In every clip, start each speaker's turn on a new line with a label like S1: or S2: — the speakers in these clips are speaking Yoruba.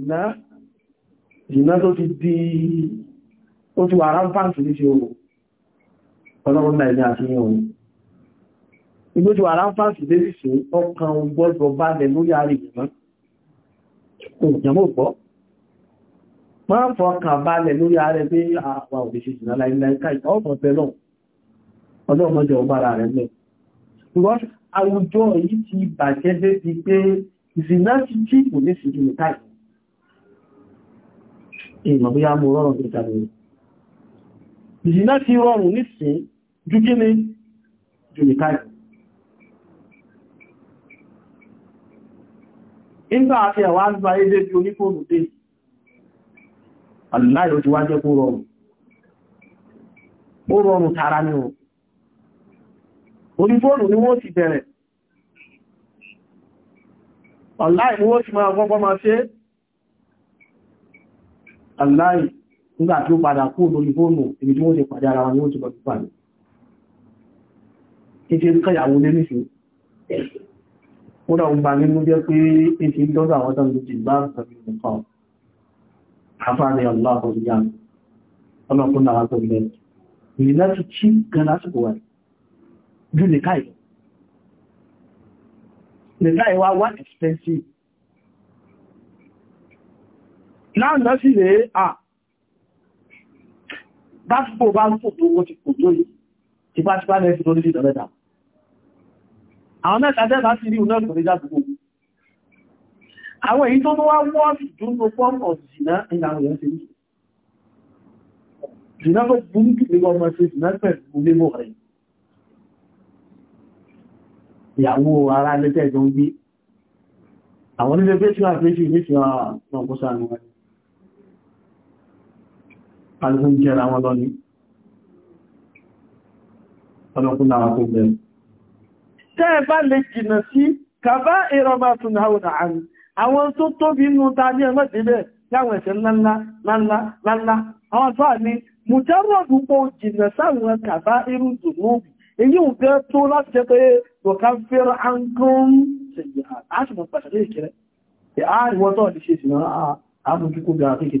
S1: ìná ìná tó ti di ó ti wà rámpáǹtì ní ṣe oòrùn ọlọ́run náà ní àfihàn òun igbó ti wà rámpáǹtì lérí sí ọkàn gbọ́dọ̀ balẹ̀ lórí àríwá òjàmọ́ gbọ́ máa ń fọkàn balẹ̀ lórí ààrẹ pé àpá òdíṣẹ́ ìsìnà láìláìká ìtọ́ọ̀fọ̀ pẹ̀lọ́ ọlọ́mọdé ọgbára rẹ̀ lẹ́ ṣùgbọ́n àwùjọ yìí ti bàjẹ́ dé ti pé ìsìnà ti jí kò ní sí ìrìnkáì ìmọ̀ bóyá mú rọrùn tó tàbí ìjìnà ti rọrùn nísìn ju kí ni ju nìkáì ìgbà àti ẹ̀wà ń gba ilé bí onífóònù dé aláì ó wá jẹ́ kó ni wọ́n ti bẹ̀rẹ̀ aláì ni wọ́n ti máa gbọ́gbọ́ máa ṣe aláì nígbà tí ó padà kú lórí fóònù ibi tí wọ́n ti pàdé ara wọn ni ó ti bọ̀tí pàdé títí kẹyàwó lé nìṣẹ́ ó dà ń ba nínú jẹ́ pé ètì ń dọ́dọ̀ àwọn tán lójì bá tàbí nǹkan àfáàdé aláàkọ̀ ìyá ọlọ́kùnrin àwọn tó lẹ́ ìrì expensive láàrín sí rẹ̀ à bá fò bá ń fò tó wọ́n ti kò tó yìí tí bá ti bá lẹ́sì lórí ìdọ̀lẹ́dà àwọn mẹ́ta jẹ́ta sí rí unẹ́ ìgbòrẹ́já gbogbo àwọn èyí tó tó wá wọ́ọ̀sì dúró pọ́pọ̀ jìnà ìlànà ìyẹn ṣe jìnà tó burú kí lè wọ́n ṣe jìnà pẹ̀lú mímọ̀ rẹ̀ ìyàwó ara lẹ́tẹ̀ẹ́jọ ń gbé àwọn onílẹ̀ pé tí wà pé sí ní ti àwọn ọkọ̀ sáà níwájú alùsùn jẹ́ra wọn lọ ní ọlọ́kún náà kó bẹ̀rẹ̀ tẹ́ ẹ bá lè jìnà sí kàbá ìrọba tún àwọn àárín àwọn tó tóbi inú ta ní ẹgbẹ́ débẹ̀ láwọn ẹ̀ṣẹ̀ ńláńlá ńláńlá àwọn tó à ní mùjárọ̀dù pọ̀ jìnà sáwọn kàbá irú dùnúbì èyí ò gẹ́ tó láti jẹ́ pé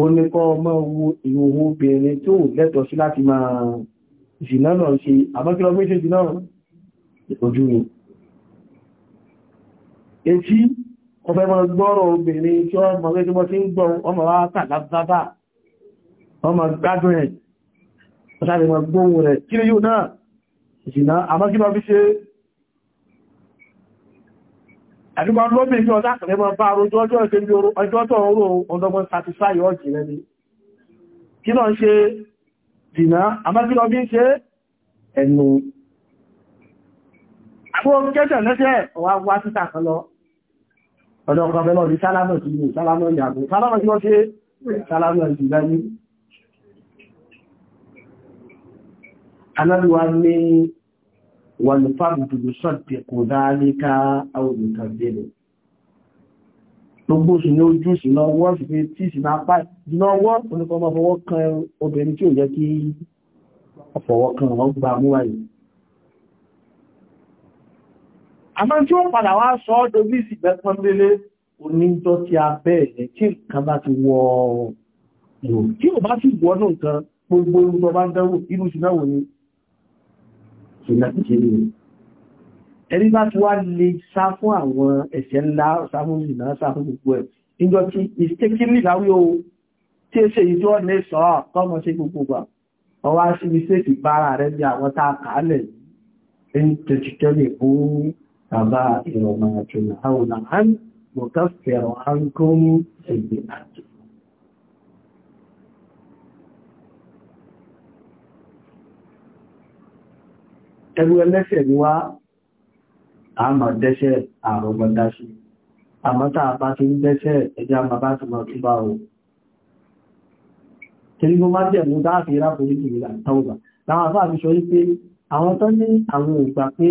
S1: ó ní kọ́ ọmọ owó ìwòwò obìnrin tó lẹ́tọ̀ọ́ sí láti máa ìsìnà náà ṣe àmọ́kílọ́ méjì ìsìnà ojú ni etí ọfẹ́ mọ́ gbọ́rọ̀ obìnrin tí ó mọ̀ pé tí wọ́n ti ń gbọ́ ọmọ wá tàbátàbá ọmọ gbádùn ẹ̀ ọ̀sáré mọ̀ gbóhùn rẹ̀ kí ni yóò náà ìsìnà àmọ́kílọ́ fi ṣe àdúgbà lọ́bí ìjọ látàrí ma bá rojú ọjọ́ ìṣẹ́ ní ọjọ́ tó oró ọdọ́gbọ́n satisfy ọjì rẹ̀ ni kí náà ń ṣe dìná àmájúlọ bí ń ṣe ẹnu àwọn kẹ́jọ lẹ́ṣẹ́ ọwá wá títà kan lọ ọ̀dọ̀ ọgbàmẹ́lọ́ ní sálámọ̀ sí ní sálámọ̀ ìyàgbò sálámọ̀ yọ́ ṣe sálámọ̀ ìjìlá ní wàlùfàbùdù sọ́tẹ̀ kò dáálíká àwòrùkàbẹ̀rẹ̀ gbogbo òṣìlẹ̀ ojú ìṣìnà ọwọ́ ṣùgbẹ́ tí ìṣìnà apá ìṣìnà ọwọ́ oníkọmọ fọwọ́ kan obìnrin tí ò yẹ kí ọfọwọ́ kan wọ́n gba múwà yìí àmọ́ tí ó padà wá sọ ọ́ dojú ìsìgbẹ́ pọ́nlélé oníjọ́ ti abẹ́ ẹ̀ tí nǹkan bá ti wọ ọ̀rọ̀ tí ò bá sì wọ́nù nǹkan gbogbo orúkọ bá ń dánwò irú ìṣìnà wò ni sí nàìjíríà ẹni bá ti wá lè sá fún àwọn ẹ̀ṣẹ̀ ńlá sáfún ìná sáfún gbogbo ẹ̀ níjọ tí mistakenly láwí o tí ó ṣe ìjọ ní sọ tọ́mọ ṣe gbogbo gbà wọ́n wá sí mistake bára rẹ̀ bí àwọn tá a kàálẹ̀ ní tẹ̀tẹ̀tẹ̀lẹ̀ fún bàbá ìrọ̀mọ̀ àjùmọ̀ àwọn àwọn mọ̀kànfẹ̀rọ̀ àǹkóhun ẹ̀gbẹ̀ àjùmọ̀ ẹgbẹ́ ẹlẹ́ṣẹ̀ ni wá a mọ̀ dẹ́ṣẹ̀ àrọ̀gbọ̀n dáṣe àmọ́ta bá ti ń dẹ́ṣẹ̀ ẹjá ma bá ti mọ̀ tí bá o kìí mọ́ máa jẹ̀mú dáàfi ráforí kìí àtàwọ̀gbà láwọn àfáà fi sọ wípé àwọn tó ní àwọn ìgbà pé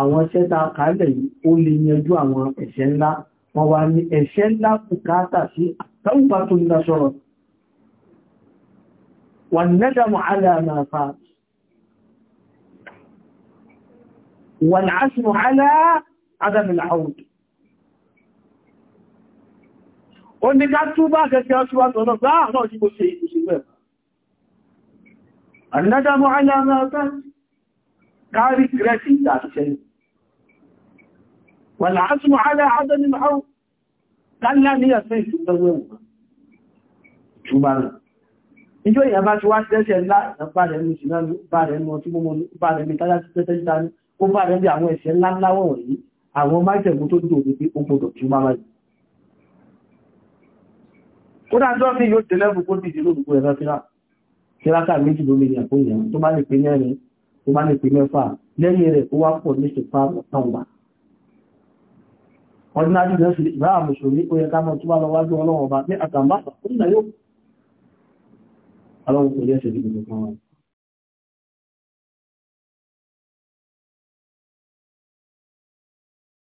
S1: àwọn ṣẹ́ta kálẹ̀ yìí ó lè yanjú àwọn ẹ̀ṣẹ̀ ńlá wọ́n wá ní ẹ̀ṣẹ̀ ńlá bùkátà sí àtàwọ̀gbà tó ń dá sọ̀rọ̀ wà nẹ́dàmù alẹ́ àmà àfáà والعزم على عدم العود ó ní ká túbá kẹta ọṣùwà tọ́nà bá àwọn òṣìbò ṣe ìṣẹ́gbẹ̀ àdínádámọ́ aláàmà ọ̀tá kárí kìrẹ́sì àṣẹ́ wà láàásùn aláàádọ́ nínú àwọn kálá ní ẹ̀fẹ́ ìṣẹ́gbẹ̀wẹ̀ wọn túbá rẹ̀ ìjọ ìyàbá ti wá tẹ́ṣẹ̀ ó bá rẹ̀ bí àwọn ẹ̀ṣẹ̀ ńláńláwọ̀ yìí àwọn májẹ̀mú tó dùn ní pé ó gbọdọ̀ tí ó máa máa yìí ó dájọ́ ní yóò tẹ́lẹ̀ fún kó dìde ẹ̀rọ síráta méjì ló lèyàn fún ìyẹn tó bá lè pe mẹ́rin tó bá lè pe mẹ́fà lẹ́yìn rẹ̀ ó wá pọ̀ ní ṣe pa ọdún láti sí ìbára mùsùlùmí ó yẹ ká mọ̀ tó bá lọ wájú ọlọ́wọ́ ọba ní àtàmbá ọ̀tún náà yóò